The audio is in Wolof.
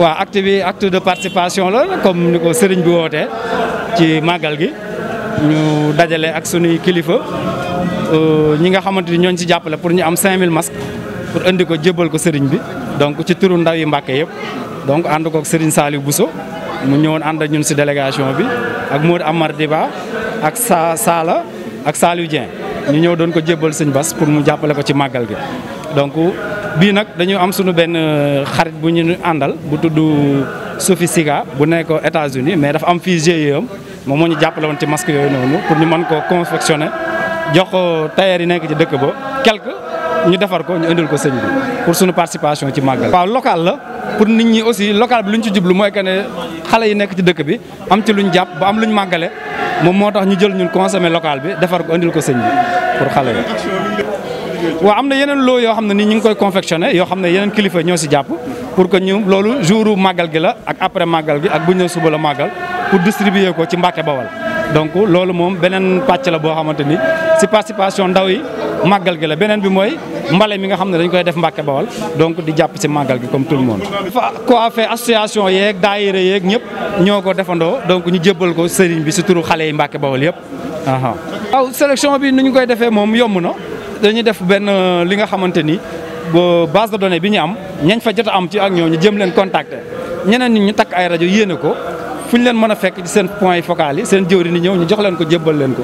waaw acte bi acte de participation la comme ni ko sëriñ bi wootee ci màggal gi ñu dajale ak sunuy kilifa euh, ñi nga xamante ni ñooñ ci jàppale pour ñu am 5000 masques pour indi ko jébbal ko sëriñ bi donc ci turu ndaw yi Mbàkke yëpp donc ànd ko ak sëriñ Saliou Bousso mu ñëwoon ànd ak ñun si délégation bi ak Modou Amar Diba ak sa Sala ak Saliou Dieng ñu ñëw doon ko jébbal sëñ Bass pour mu jàppale ko ci màggal gi donc bii nag dañu am suñu benn euh, xarit bu ñu àndal bu tudd Sophie bu nekk aux États-Unis mais dafa am fii GIE moom moo ñu jàppale woon ci masque yooyu noonu pour ñu mën ko confectionner jox ko tailleur yi nekk ci dëkk ba quelque ñu defar ko ñu indil ko sëñ bi pour sunu participation ci màggal. waaw local la pour nit ñi aussi local bi lu ñu ci jublu mooy que ne xale yi nekk ci dëkk bi am ci luñ jàpp ba am luñ màggale moom moo tax ñu jël ñun consommer local bi defar ko indil ko sëñ pour xale yi. waaw am na yeneen loo yoo xam ne nii ñu ngi koy confectionné yoo xam ne yeneen kilifa ñoo si jàpp pour que ñu loolu jouru màggal gi la ak après màggal gi ak bu ñu suba la màggal pour distribuer ko ci Mbàkke Bawal donc loolu moom beneen pàcc la boo xamante ni si parcipation ndaw yi màggal gi la beneen bi mooy mbale mi nga xam ne dañ koy def Mbàkke Bawal donc di jàpp si màggal gi comme tout le monde. fa ko affaire association yeeg daayira yeeg ñëpp ñoo ko defandoo donc ñu jébbal ko sëriñ bi si turu xale yi Mbàkke Bawal yëpp. waaw sélection moom yomb na. dañuy def benn li nga xamante ni boo base de données bi ñu am ñañ fa jot am ci ak ñoo ñu jëm leen contacter ñeneen ñi ñu takk ay rajo yéene ko fu ñu leen mën a fekk ci seen point focal yi seen jëwri ni ñëw ñu jox leen ko jébbal leen ko.